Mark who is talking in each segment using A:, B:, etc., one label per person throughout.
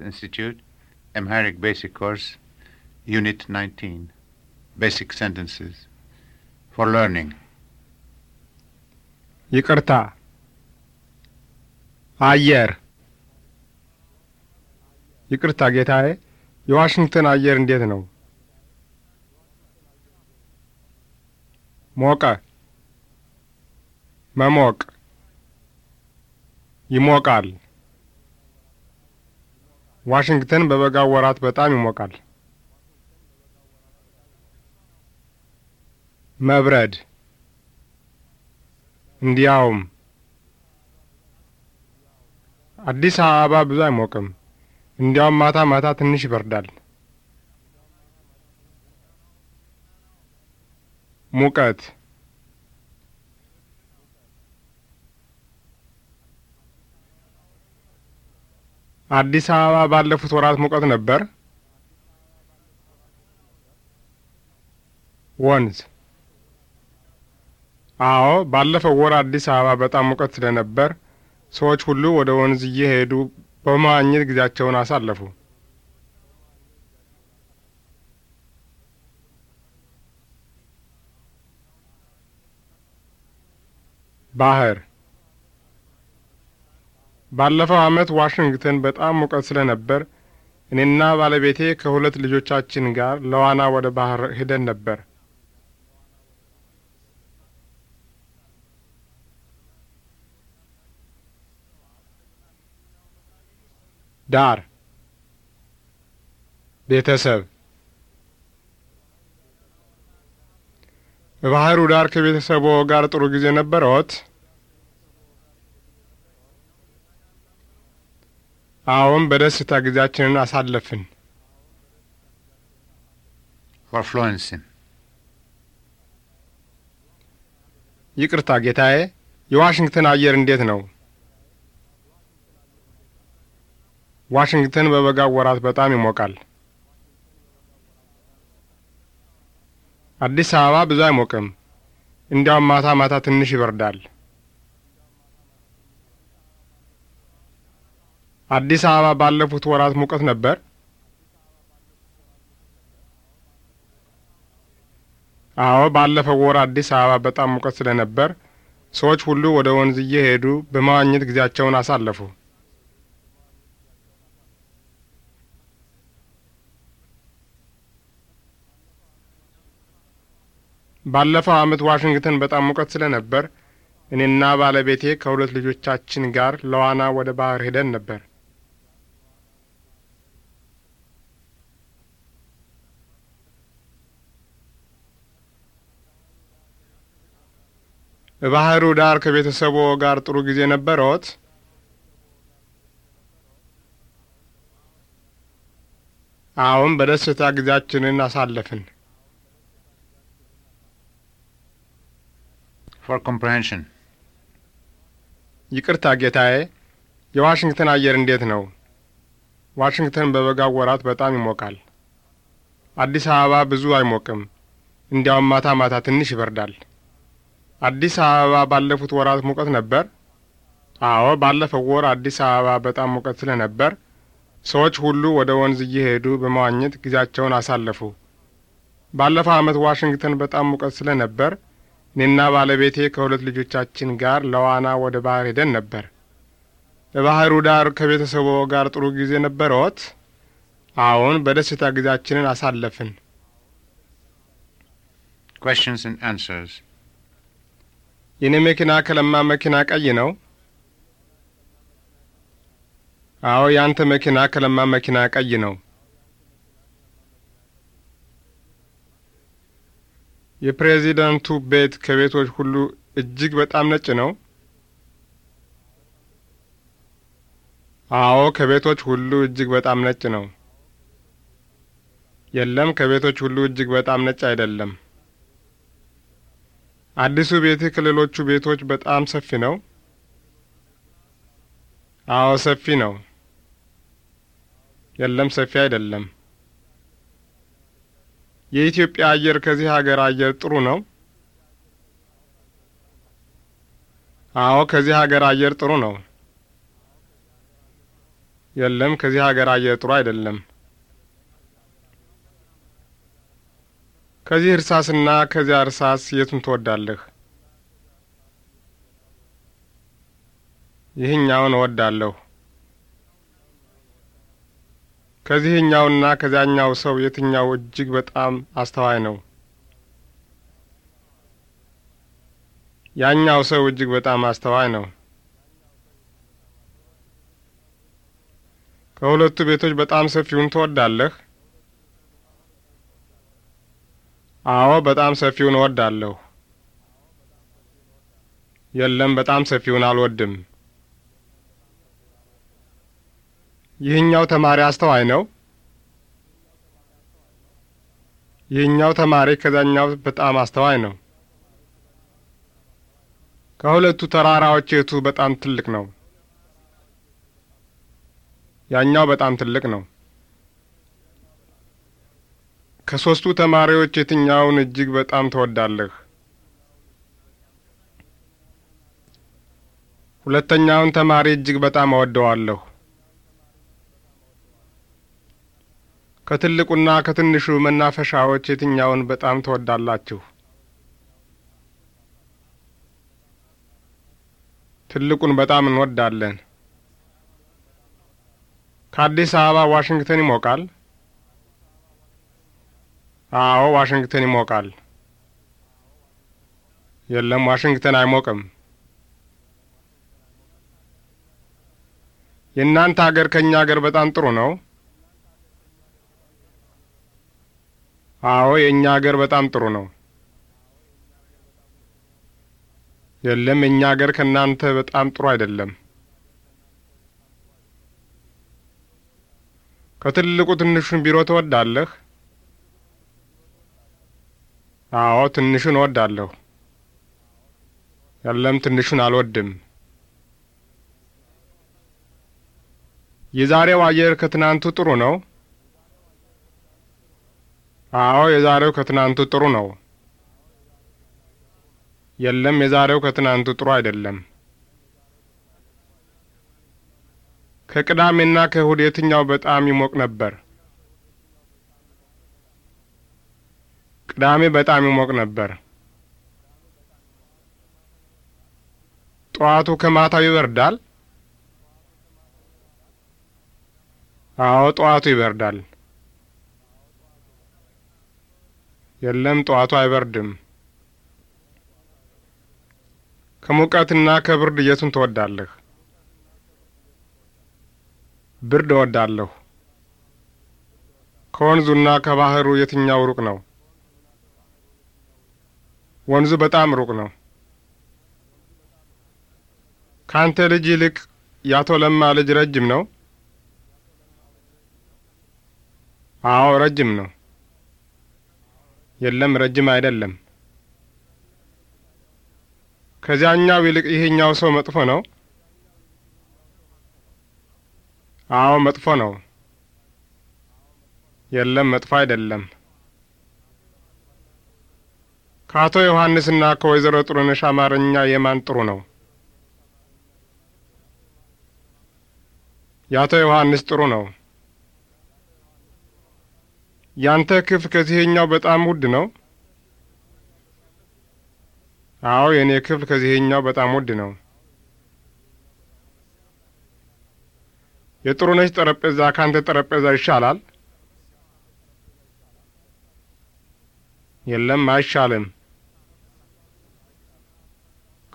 A: Institute, Amharic Basic Course, Unit 19, Basic Sentences for Learning. Yikarta አየር ይቅርታ ጌታዬ፣ Washington Ayer in ነው? ሞቀ መሞቅ ይሞቃል። ዋሽንግተን በበጋ ወራት በጣም ይሞቃል። መብረድ እንዲያውም አዲስ አበባ ብዙ አይሞቅም። እንዲያውም ማታ ማታ ትንሽ ይበርዳል። ሙቀት አዲስ አበባ ባለፉት ወራት ሙቀት ነበር? ወንዝ አዎ፣ ባለፈው ወር አዲስ አበባ በጣም ሙቀት ስለነበር ሰዎች ሁሉ ወደ ወንዝ እየሄዱ በመዋኘት ጊዜያቸውን አሳለፉ። ባህር ባለፈው ዓመት ዋሽንግተን በጣም ሙቀት ስለነበር እኔና ባለቤቴ ከሁለት ልጆቻችን ጋር ለዋና ወደ ባህር ሄደን ነበር። ዳር ቤተሰብ በባህሩ ዳር ከቤተሰቦ ጋር ጥሩ ጊዜ ነበረዎት? አዎን፣ በደስታ ጊዜያችንን አሳለፍን። ፎርፍሎንስን ይቅርታ ጌታዬ፣ የዋሽንግተን አየር እንዴት ነው? ዋሽንግተን በበጋው ወራት በጣም ይሞቃል። አዲስ አበባ ብዙ አይሞቅም። እንዲያውም ማታ ማታ ትንሽ ይበርዳል። አዲስ አበባ ባለፉት ወራት ሙቀት ነበር? አዎ፣ ባለፈው ወር አዲስ አበባ በጣም ሙቀት ስለነበር ሰዎች ሁሉ ወደ ወንዝ እየሄዱ በመዋኘት ጊዜያቸውን አሳለፉ። ባለፈው ዓመት ዋሽንግተን በጣም ሙቀት ስለነበር እኔና ባለቤቴ ከሁለት ልጆቻችን ጋር ለዋና ወደ ባህር ሄደን ነበር። በባህሩ ዳር ከቤተሰቦ ጋር ጥሩ ጊዜ ነበረዎት? አሁን በደስታ ጊዜያችንን አሳለፍን። ፎር ኮምፕሬንሽን ይቅርታ ጌታዬ፣ የዋሽንግተን አየር እንዴት ነው? ዋሽንግተን በበጋው ወራት በጣም ይሞቃል። አዲስ አበባ ብዙ አይሞቅም። እንዲያውም ማታ ማታ ትንሽ ይበርዳል። አዲስ አበባ ባለፉት ወራት ሙቀት ነበር? አዎ፣ ባለፈው ወር አዲስ አበባ በጣም ሙቀት ስለነበር ሰዎች ሁሉ ወደ ወንዝ እየሄዱ በመዋኘት ጊዜያቸውን አሳለፉ። ባለፈው ዓመት ዋሽንግተን በጣም ሙቀት ስለነበር እኔና ባለቤቴ ከሁለት ልጆቻችን ጋር ለዋና ወደ ባህር ሄደን ነበር። በባህሩ ዳር ከቤተሰቦ ጋር ጥሩ ጊዜ ነበረዎት? አዎን፣ በደስታ ጊዜያችንን አሳለፍን። questions and answers የኔ መኪና ከለማ መኪና ቀይ ነው። አዎ፣ ያንተ መኪና ከለማ መኪና ቀይ ነው። የፕሬዚዳንቱ ቤት ከቤቶች ሁሉ እጅግ በጣም ነጭ ነው። አዎ፣ ከቤቶች ሁሉ እጅግ በጣም ነጭ ነው። የለም፣ ከቤቶች ሁሉ እጅግ በጣም ነጭ አይደለም። አዲሱ ቤትህ ከሌሎቹ ቤቶች በጣም ሰፊ ነው? አዎ ሰፊ ነው። የለም ሰፊ አይደለም። የኢትዮጵያ አየር ከዚህ ሀገር አየር ጥሩ ነው? አዎ ከዚህ ሀገር አየር ጥሩ ነው። የለም ከዚህ ሀገር አየር ጥሩ አይደለም። ከዚህ እርሳስና ከዚያ እርሳስ የቱን ትወዳለህ? ይህኛውን እወዳለሁ። ከዚህኛውና ከዚያኛው ሰው የትኛው እጅግ በጣም አስተዋይ ነው? ያኛው ሰው እጅግ በጣም አስተዋይ ነው። ከሁለቱ ቤቶች በጣም ሰፊውን ትወዳለህ? አዎ፣ በጣም ሰፊውን እወዳለሁ። የለም፣ በጣም ሰፊውን አልወድም። ይህኛው ተማሪ አስተዋይ ነው። ይህኛው ተማሪ ከዛኛው በጣም አስተዋይ ነው። ከሁለቱ ተራራዎች የቱ በጣም ትልቅ ነው? ያኛው በጣም ትልቅ ነው። ከሦስቱ ተማሪዎች የትኛውን እጅግ በጣም ትወዳለህ? ሁለተኛውን ተማሪ እጅግ በጣም እወደዋለሁ። ከትልቁና ከትንሹ መናፈሻዎች የትኛውን በጣም ትወዳላችሁ? ትልቁን በጣም እንወዳለን። ከአዲስ አበባ ዋሽንግተን ይሞቃል? አዎ ዋሽንግተን ይሞቃል። የለም ዋሽንግተን አይሞቅም። የእናንተ አገር ከእኛ አገር በጣም ጥሩ ነው። አዎ የእኛ አገር በጣም ጥሩ ነው። የለም የእኛ አገር ከእናንተ በጣም ጥሩ አይደለም። ከትልቁ ትንሹን ቢሮ ትወዳለህ? አዎ ትንሹን እወዳለሁ። ያለም ትንሹን አልወድም። የዛሬው አየር ከትናንቱ ጥሩ ነው። አዎ የዛሬው ከትናንቱ ጥሩ ነው። የለም የዛሬው ከትናንቱ ጥሩ አይደለም። ከቅዳሜና ከእሁድ የትኛው በጣም ይሞቅ ነበር? ቅዳሜ በጣም ይሞቅ ነበር። ጠዋቱ ከማታው ይበርዳል። አዎ፣ ጠዋቱ ይበርዳል። የለም፣ ጠዋቱ አይበርድም። ከሙቀትና ከብርድ የቱን ትወዳለህ? ብርድ እወዳለሁ። ከወንዙና ከባህሩ የትኛው ሩቅ ነው? ወንዙ በጣም ሩቅ ነው። ካንተ ልጅ ይልቅ ያቶ ለማ ልጅ ረጅም ነው? አዎ ረጅም ነው። የለም ረጅም አይደለም። ከዚያኛው ይልቅ ይሄኛው ሰው መጥፎ ነው? አዎ መጥፎ ነው። የለም መጥፎ አይደለም። ከአቶ ዮሐንስና ከወይዘሮ ጥሩነሽ አማርኛ የማን ጥሩ ነው? የአቶ ዮሐንስ ጥሩ ነው። ያንተ ክፍ ከዚህኛው በጣም ውድ ነው? አዎ፣ የእኔ ክፍል ከዚህኛው በጣም ውድ ነው። ነች ጠረጴዛ ካንተ ጠረጴዛ ይሻላል? የለም፣ አይሻልም።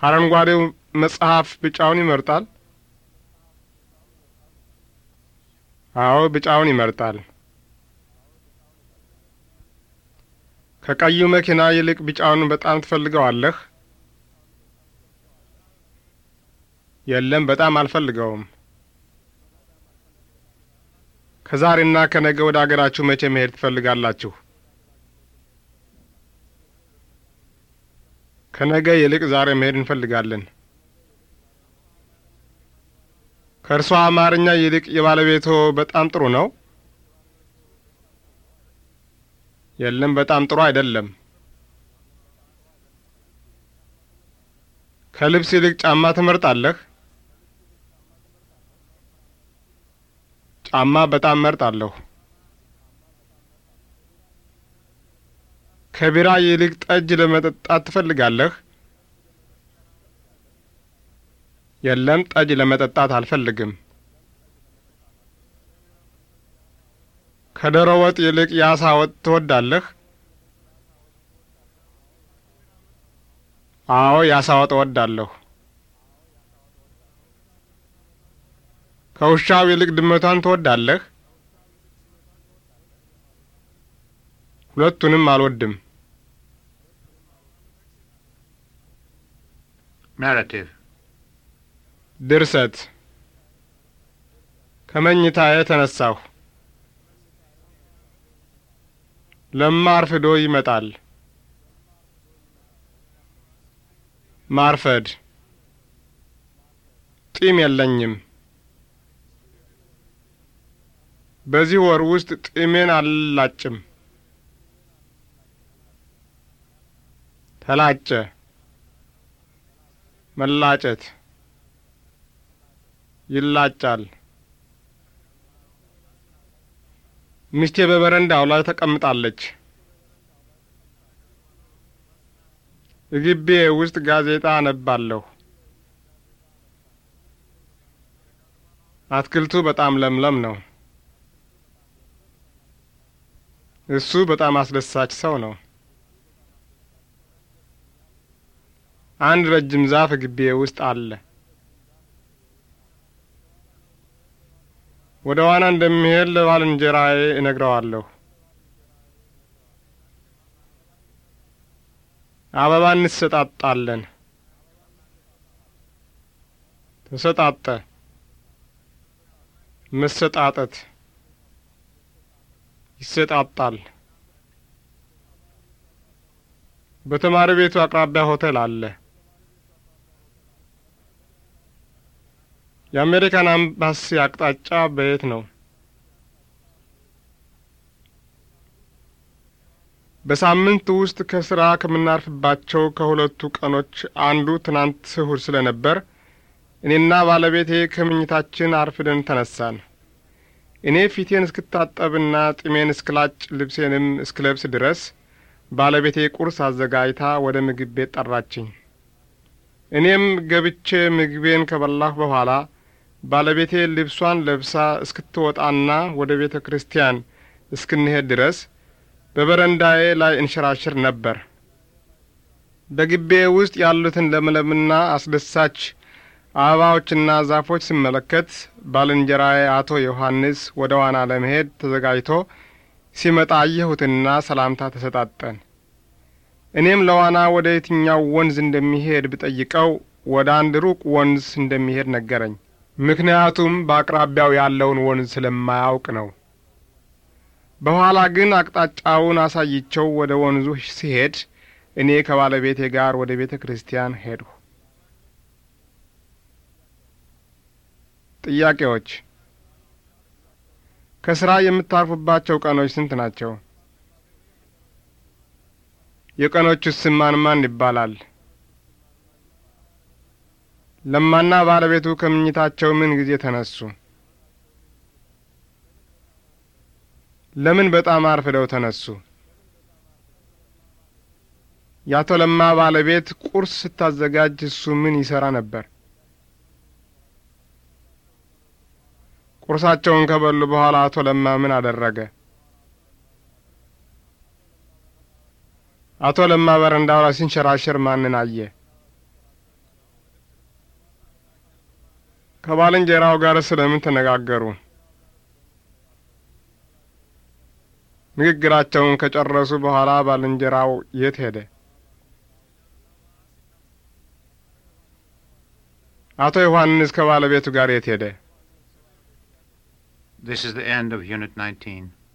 A: ከአረንጓዴው መጽሐፍ ቢጫውን ይመርጣል? አዎ፣ ቢጫውን ይመርጣል። ከቀዩ መኪና ይልቅ ቢጫውን በጣም ትፈልገዋለህ? የለም፣ በጣም አልፈልገውም። ከዛሬና ከነገ ወደ አገራችሁ መቼ መሄድ ትፈልጋላችሁ? ከነገ ይልቅ ዛሬ መሄድ እንፈልጋለን። ከእርሷ አማርኛ ይልቅ የባለቤቶ በጣም ጥሩ ነው። የለም፣ በጣም ጥሩ አይደለም። ከልብስ ይልቅ ጫማ ትመርጣለህ? ጫማ በጣም መርጣለሁ። ከቢራ ይልቅ ጠጅ ለመጠጣት ትፈልጋለህ? የለም፣ ጠጅ ለመጠጣት አልፈልግም። ከደሮ ወጥ ይልቅ የአሳ ወጥ ትወዳለህ? አዎ፣ የአሳ ወጥ እወዳለሁ። ከውሻው ይልቅ ድመቷን ትወዳለህ? ሁለቱንም አልወድም። ናራቲቭ ድርሰት ከመኝታዬ ተነሳሁ። ለማ አርፍዶ ይመጣል። ማርፈድ ጢም የለኝም። በዚህ ወር ውስጥ ጢሜን አልላጭም። ተላጨ መላጨት ይላጫል። ሚስቴ በበረንዳው ላይ ተቀምጣለች። ግቤ ውስጥ ጋዜጣ አነባለሁ። አትክልቱ በጣም ለምለም ነው። እሱ በጣም አስደሳች ሰው ነው። አንድ ረጅም ዛፍ ግቢ ውስጥ አለ። ወደ ዋና እንደሚሄድ ለባልንጀራዬ እነግረዋለሁ። አበባ እንሰጣጣለን። ተሰጣጠ፣ መሰጣጠት፣ ይሰጣጣል። በተማሪ ቤቱ አቅራቢያ ሆቴል አለ። የአሜሪካን አምባሲ አቅጣጫ በየት ነው? በሳምንት ውስጥ ከስራ ከምናርፍባቸው ከሁለቱ ቀኖች አንዱ ትናንት ስሁር ስለነበር እኔና ባለቤቴ ከምኝታችን አርፍደን ተነሳን። እኔ ፊቴን እስክታጠብና ጢሜን እስክላጭ ልብሴንም እስክለብስ ድረስ ባለቤቴ ቁርስ አዘጋጅታ ወደ ምግብ ቤት ጠራችኝ። እኔም ገብቼ ምግቤን ከበላሁ በኋላ ባለቤቴ ልብሷን ለብሳ እስክትወጣና ወደ ቤተ ክርስቲያን እስክንሄድ ድረስ በበረንዳዬ ላይ እንሸራሽር ነበር። በግቤ ውስጥ ያሉትን ለምለምና አስደሳች አበባዎችና ዛፎች ስመለከት ባልንጀራዬ አቶ ዮሐንስ ወደ ዋና ለመሄድ ተዘጋጅቶ ሲመጣ አየሁትና ሰላምታ ተሰጣጠን። እኔም ለዋና ወደ የትኛው ወንዝ እንደሚሄድ ብጠይቀው ወደ አንድ ሩቅ ወንዝ እንደሚሄድ ነገረኝ። ምክንያቱም በአቅራቢያው ያለውን ወንዝ ስለማያውቅ ነው። በኋላ ግን አቅጣጫውን አሳይቸው ወደ ወንዙ ሲሄድ እኔ ከባለቤቴ ጋር ወደ ቤተ ክርስቲያን ሄድሁ። ጥያቄዎች ከስራ የምታርፉባቸው ቀኖች ስንት ናቸው? የቀኖቹ ስም ማን ማን ይባላል? ለማና ባለቤቱ ከምኝታቸው ምን ጊዜ ተነሱ? ለምን በጣም አርፍደው ተነሱ? የአቶ ለማ ባለቤት ቁርስ ስታዘጋጅ እሱ ምን ይሰራ ነበር? ቁርሳቸውን ከበሉ በኋላ አቶ ለማ ምን አደረገ? አቶ ለማ በረንዳው ላይ ሲንሸራሸር ማንን አየ? ከባልንጀራው ጋር ስለምን ተነጋገሩ? ንግግራቸውን ከጨረሱ በኋላ ባልንጀራው የት ሄደ? አቶ ዮሐንስ ከባለቤቱ ጋር የት ሄደ? This is the end of Unit 19.